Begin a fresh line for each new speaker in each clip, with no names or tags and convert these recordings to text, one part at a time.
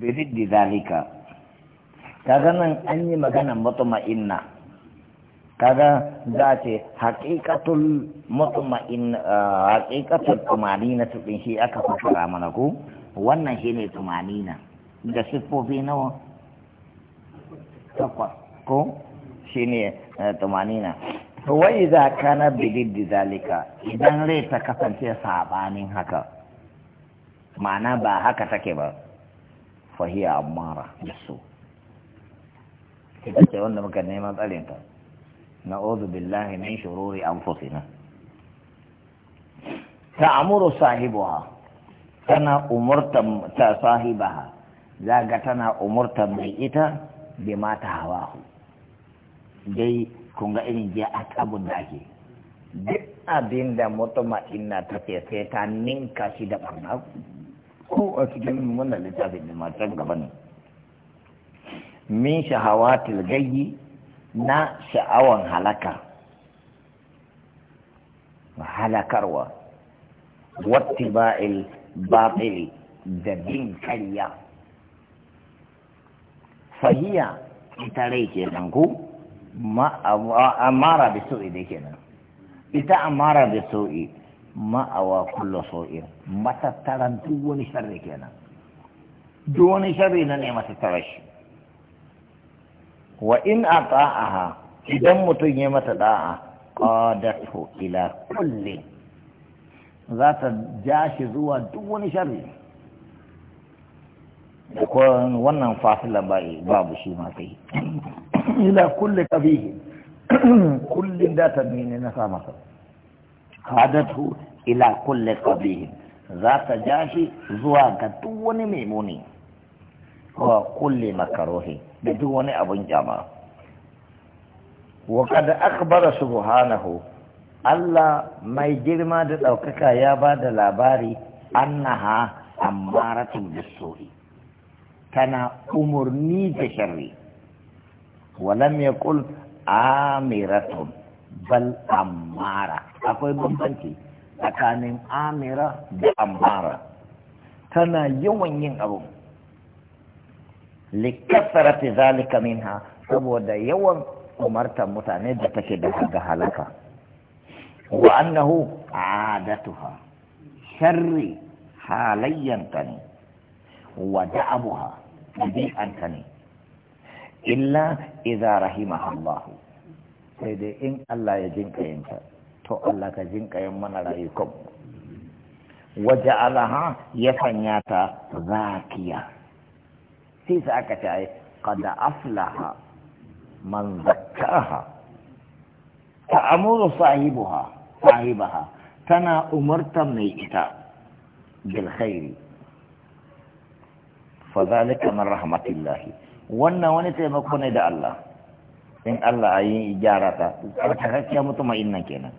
di zalika kaga nan an yi maganan mutuma'inna kaga za ce haƙiƙatul mutuma'inna haƙiƙatul tumanina tuɗin shi aka fasara mana ko wannan shi ne tumanina da siffofi nawa takwas ko shi ne tumanina wai za kana bididdi zalika idan rai ta kasance sabanin haka ma'ana ba haka take ba fahiya amara da su ita ce wanda muka neman tsarinta na ozu billahi min shururi an fusina ta amuru sahibuwa tana umurta ta sahibaha za ga tana umurta mai ita bai mata hawa dai kun ga irin jiya a tabun da ake duk abin da mutum ina tafiya sai ta ninka shi da barna ko a cikin wannan littafin ne matan gaba ne min shahawatil gayyi na sha'awan halaka halakarwa wattiba'il batili da bin karya fahiya ita rai kenan ko amara da so'i da kenan ita amara da so'i ma'awa kullum so'in matattaran duk wani sharri kenan duk wani sharri na ne matattarar shi wa in a ta'aha idan mutum ya mata da'a qadatu ila kulli za ta ja shi zuwa duk wani sharri ko wannan fasila babu shi ma sai ila kulle qabihi kullin da ta ne na sa masa hadatu ila Kulle qabih za ta jashi zuwa ga duk wani mai muni wa kulle makarohi da duk wani abun kyama wa kad akhbara subhanahu Allah mai girma da ɗaukaka ya ba da labari annaha ammaratun bisuri tana umurni da sharri walam kul amiratun bal amara akwai bambanci tsakanin amira da amara tana yawan yin abu likasarati zalika minha saboda yawan umartar mutane da take da ga halaka wa annahu adatuha sharri halayyanta ne wa da'abuha ɗabi'anta ne illa idza rahimaha Allahu sai dai in Allah ya jinƙayinta to Allah ka jinƙayin mana rayukan waje alaha ya sanya ta zakiya sai sa aka ce ai kada aflaha man zakkaha ta amuru sahibuha sahibaha tana umarta mai ita bil khairi fa zalika min rahmatillahi wannan wani taimako ne da Allah in Allah a yi gyara ta tsarkakakkiya mutuma kenan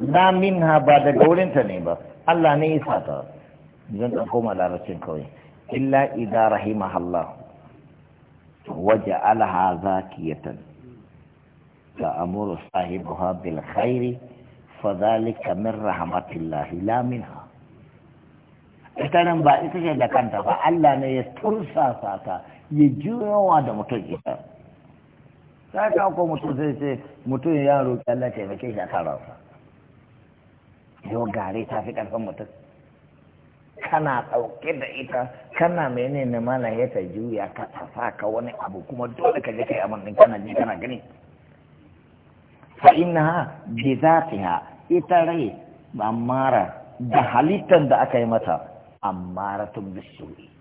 na min ha ba da gaurinta ne ba Allah ne ya sa ta zan ɗan koma larabcin kawai illa idza rahima Allah waje alaha zakiyatan ta amuru sahibuha bil khairi fa zalika min rahmatillah la minha ita nan ba ita ce da kanta ba Allah ne ya tursasa ta ya juyowa da mutum ita ta ka ko mutum zai ce mutum ya roƙi Allah taimake shi a kan ransa yau gare ta fi ƙarfin mutum kana ɗauke da ita kana mene ne mana ya ta juya ka tafa ka wani abu kuma dole ka je kai abin din kana ji kana gani fa innaha bi zatiha ita rai ba mara da halittar da aka yi mata amma ratun bisu'i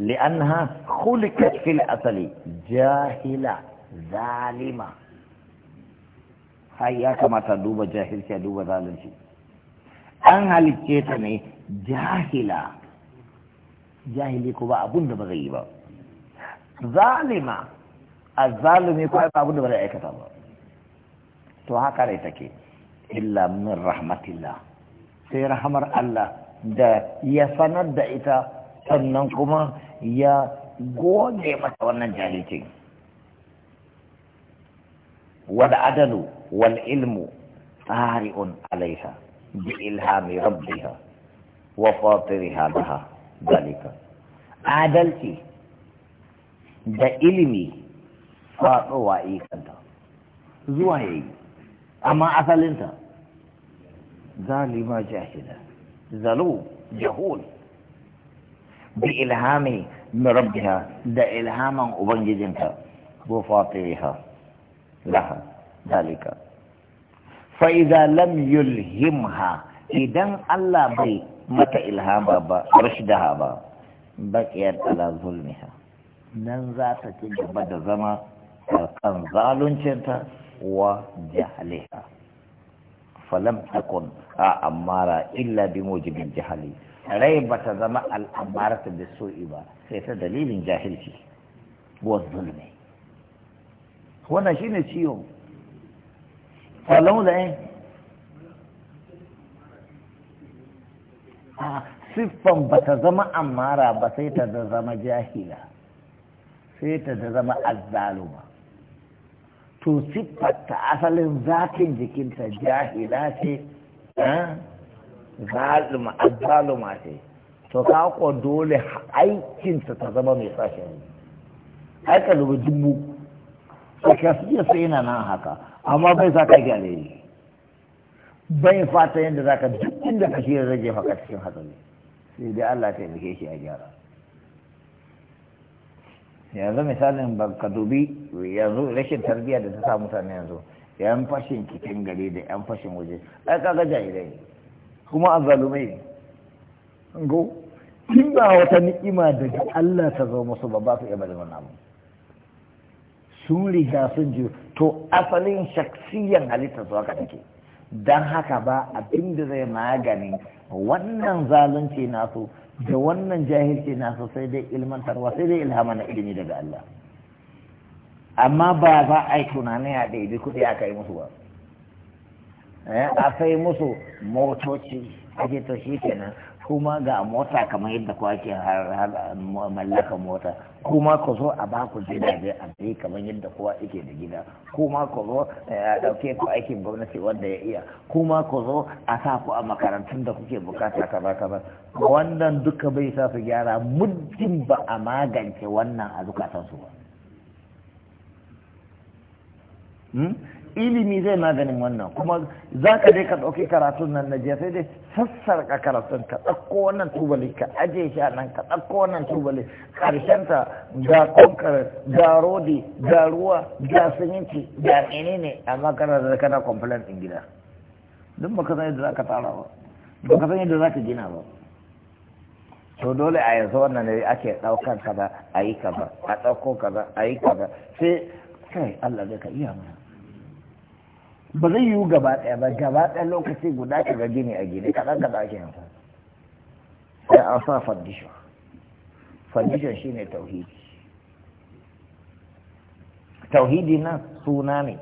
لأنها خلقت في الأصل جاهلة ظالمة هاي يا كما تدوب جاهل تدوب ظالم شيء أن هالكيتني جاهلة جاهلة كوبا أبون بغيبا ظالمة الظالم يكوى أبون بغيبة كتابة تو هكذا تكي إلا من رحمة الله sai rahamar Allah da ya sanar da sannan kuma ya goge masa wannan jahilcin wal adalu wal ilmu tsari'un alaiha bi ilhami rabbiha wa fatiriha laha dalika adalci da ilimi faɗowa ikanta zuwa yayi amma asalinta zalima jahila zalu jahul bi ilhami min rabbiha da ilhaman Ubangijinta ko Fatiha, laha dalika fa idza lam yulhimha idan Allah bai mata ilhama ba rashdaha ba baqiyat ala zulmiha nan za ta ci gaba da zama kan zaluncinta wa jahliha falam takun a amara illa bi mujibin jahali rai ba ta zama al'amarata da so'i ba sai ta dalilin jahilci wa zulmi wannan shi ne ciwo falaula eh? A ah, siffan ba ta zama amara ba sai ta da zama jahila sai ta da zama azzaluma to siffar ta asalin zakin jikinta jahila ce eh? zalima azzaluma ce to ka ko dole aikinta ta zama mai sashe ai ka dubi dubu sai ka fiye sai yana nan haka amma bai sa ka gyare ne bai fata yadda zaka duk inda ka shi zai jefa ka cikin hatsari sai dai Allah ta yi shi a gyara yanzu misalin ba ka dubi yanzu rashin tarbiyya da ta sa mutane yanzu yan fashin cikin gari da yan fashin waje ai kaga jahilai kuma a azzalumai go in ba wata ni'ima daga Allah ta zo musu ba ba su iya bari wannan abu sun riga sun ji to asalin shaksiyan halittar su haka take Dan haka ba abin da zai magani wannan zalunci nasu da wannan jahilci nasu sai dai ilmantarwa sai dai ilhama na ilimi daga Allah amma ba za a yi tunani a ɗaiɗi kuɗi aka yi musu ba Eh, a sai musu motoci ake to shi kenan kuma ga mota kamar yadda kuwa ke mallaka mota kuma ku zo a baku gidaje a bai kamar yadda kowa yake da gida kuma ku zo eh, a ɗauke ku aikin gwamnati wanda ya iya kuma ku zo a sa ku a makarantun da kuke bukata kaza kaza wannan duka bai sa su gyara muddin ba a magance wannan a zukatansu ba hmm? ilimi zai maganin wannan kuma za ka je ka ɗauki karatun nan na jiya sai dai sassarka karatun ka ɗauko wannan tubali ka ajiye shi a nan ka ɗauko wannan tubali ta ga konkar ga rodi ga ruwa ga siminti ga ne amma kana da kana complain ɗin gida duk baka san yadda za ka tsara ba baka san yadda za ka gina ba to dole a yanzu wannan ne ake ɗaukar kaza a yi kaza a ɗauko kaza a yi kaza sai kai Allah zai ka iya mana ba zai yiwu gaba ɗaya ba gaba ɗaya lokaci guda ke ga gini a gini kaɗan kaɗan ake yin sai a sa fadishon fadishon shi ne tauhidi tauhidi nan suna ne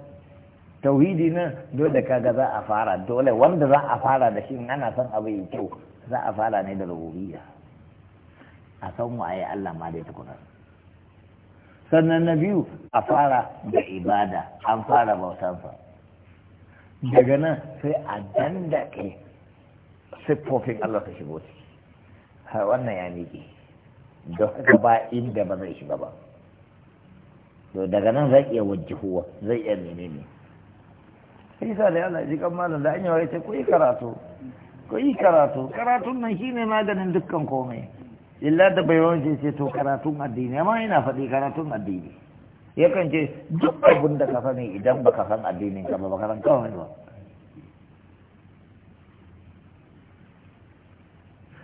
tauhidi nan dole kaga za a fara dole wanda za a fara da shi ana son abu yi kyau za a fara ne da rububiya a san waye Allah ma dai tukuna sannan na biyu a fara da ibada an fara bautansa daga nan sai a dandake siffofin Allah ta shigo ciki har wannan ya nike da haka ba inda ba zai shiga ba to daga nan zai iya huwa zai iya nene ne isa da yana jikan malam da an yi ce ku yi karatu ku yi karatu karatun nan shine maganin dukkan komai illa da bai wani ce to karatun addini amma yana faɗi karatun addini yakan ce duk abin da ka sani idan baka san addinin ka ba baka san kawai ba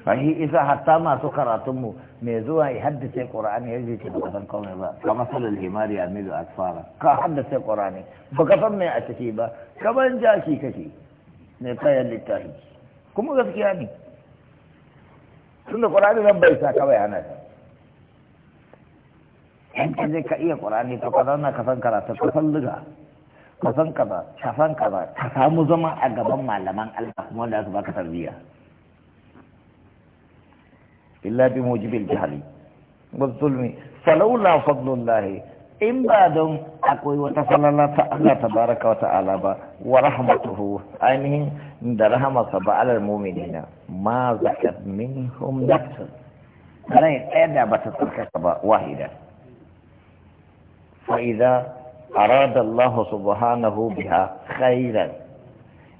fahi isa hatta masu karatunmu mai zuwa ya haddace ƙura'ani ya zai ce baka san kawai ba ka masalar himari a mido asfara ka haddace ba baka san mai a ciki ba kamar jaki kake mai kayan littafi kuma gaskiya ne tun da ƙura'ani nan bai sa kawai ana ta in ka je ka iya ƙur'ani to ka zauna ka san karatu ka san liga ka san kaza ka san kaza ka samu zama a gaban malaman Allah kuma da su baka tarbiyya illa bi mujibil jahli wa zulmi falawla fadlullahi in ba don akwai wata falala ta Allah tabaraka wa ta'ala ba wa rahmatuhu ainihin da rahamarsa ba alal mu'minina ma zakat minhum nafsun rai ɗaya da ba ta tsarkaka ba wahida فإذا أراد الله سبحانه بها خيرا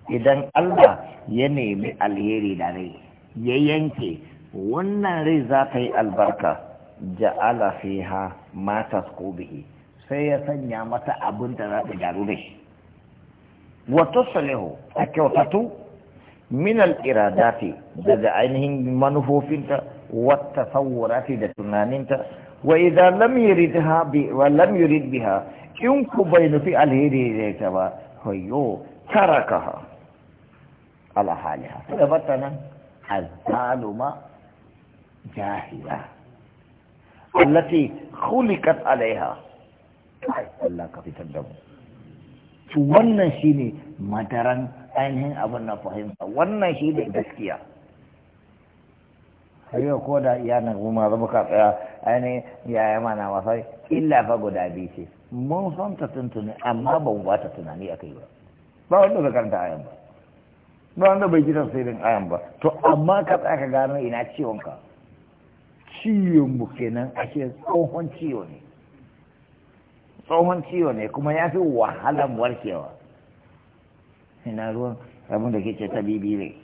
idan Allah ya nemi alheri da rai ya yanke wannan rai za ta yi albarka ja'ala fiha ma ko bihi sai ya sanya mata abin da za ta gyaru da shi wa tuslihu a kyautatu min al-iradati daga ainihin manufofinta wata tasawurati da tunaninta وإذا لم يردها ب... ولم يرد بها إن كبين في الهيري ريتبا هيو تركها على حالها فلبطنا الظالمة جاهلة التي خلقت عليها الله كفي الدم wannan shine madaran ainihin abin na fahimta wannan shine gaskiya har yau ko da iyanar mu ma zama ka tsaya ne ya yi mana masa illa fa guda biyu ce mun san ta tuntuni amma ba mu ba ta tunani a kai ba ba wanda bai karanta ayan ba ba wanda bai gina tafsirin ayan ba to amma ka tsaka gano ina ciwon ka ciwon mu kenan ce tsohon ciwo ne tsohon ciwo ne kuma ya fi wahalan warkewa ina ruwan abin da ke ce ta bibi ne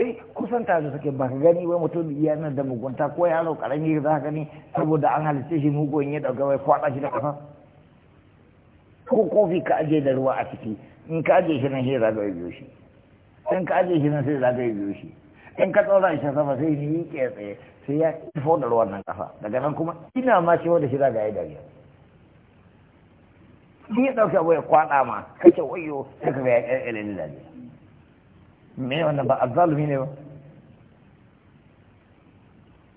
eh kusan tare suke ba ka gani wai mutum nan da mugunta ko yaro karami za ka gani saboda an halitta shi mugun ya dauka wai kwada shi da kafa ko kofi ka aje da ruwa a ciki in ka aje shi nan sai ka biyo shi in ka aje shi nan sai ka biyo shi in ka tsora shi sama sai ni ke tsaye sai ya tafi da ruwan nan kafa daga nan kuma ina ma cewa da shi za yi da biyar ni ya dauke wai ya kwada ma kace wayo sai ka ga ya kyalkyalin lalle me wannan ba azalumi ne ba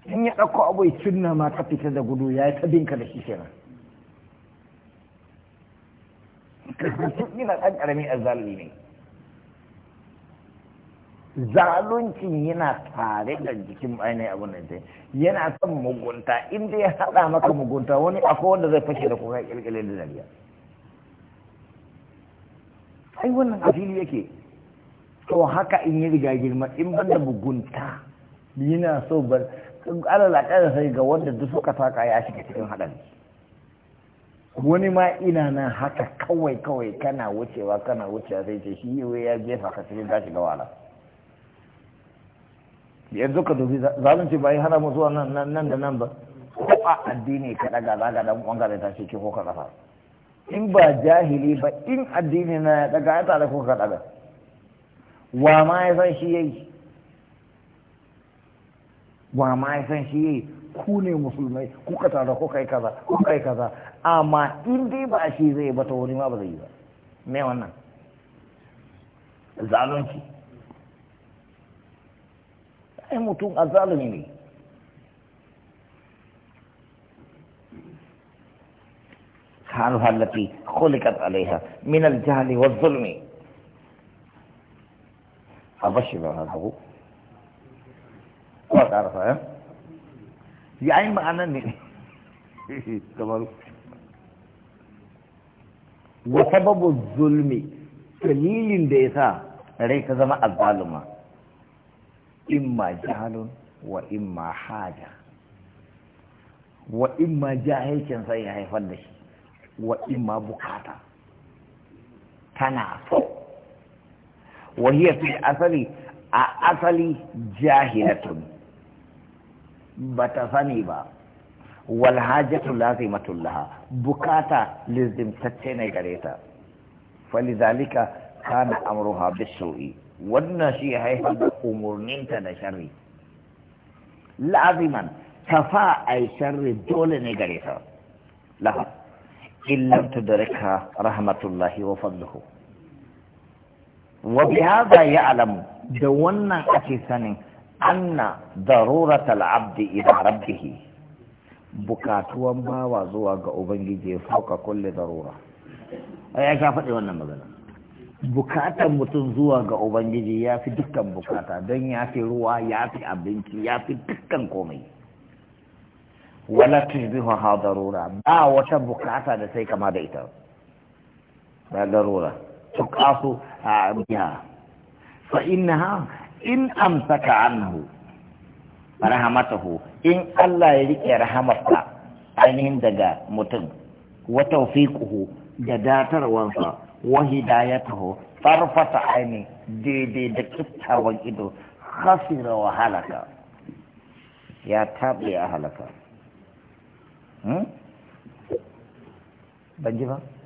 in ya ɗauko abu sunna ma ka fita da gudu ya yi ta binka da shi kenan yana ɗan ƙarami azzalumi ne zaluncin yana tare da jikin ainihin abu nan ta yana son mugunta inda ya haɗa maka mugunta wani akwai wanda zai fashe da kuka ƙirƙirar da zariya. ai wannan a yake to haka in yi riga girma in ban da mugunta yana so ba alal akalla sai ga wanda duk suka saka ya shiga cikin haɗari wani ma ina nan haka kawai kawai kana wucewa kana wucewa sai ce shi yi ya jefa ka cikin ka shiga wala yanzu ka dubi zalunci ba hana mu zuwa nan da nan ba ko a addini ka daga zaga dan uwan ta ce ko ka kafa in ba jahili ba in addini na ya daga ya tare ko ka daga wa ma ya san shi yayi wa ma ya san shi yayi ku ne musulmai kuka tare ku kai kaza Ku kai kaza amma in dai ba shi zai ba ta wuri ma ba zai yi ba me wannan zalunci ai mutum a zalumi ne حالها التي خلقت عليها من الجهل والظلم أبشر هذا ما تعرف يا يعني معنى كمان وسبب الظلم دليل ديسا ريت زما الظالمة إما جهل وإما حاجة وإما جاهل كان سيحيفر دشي وإما بكاتا تنعفو وهي في الأصل أصل جاهلة بتفني با والحاجة لازمة لها بكاتا لازم تتشيني كريتا فلذلك كان أمرها بالسوء والنشي هيها أمور نمتا لشري لازما تفا أي شر دول نجريتا لها إن لم تدركها رحمة الله وفضله wa bihadha ya'lamu da wannan ake sanin anna daruratal abdi ila rabbih bukatuwan bawa zuwa ga ubangiji ya fauka kulli darura ai ka faɗi wannan magana bukatan mutum zuwa ga ubangiji ya fi dukkan bukata don ya fi ruwa ya fi abinci ya fi dukkan komai wala tujbihu ha darura ba wata bukata da sai kama da ita ba darura تقاس بها فإنها إن أمسك عنه رحمته إن الله يريك رحمتك ainihin daga mutum wa taufiquhu da datarwansa wa hidayatahu tarfata aini daidai da kittawan ido khasira wa halaka ya taɓe ya halaka ban ji ba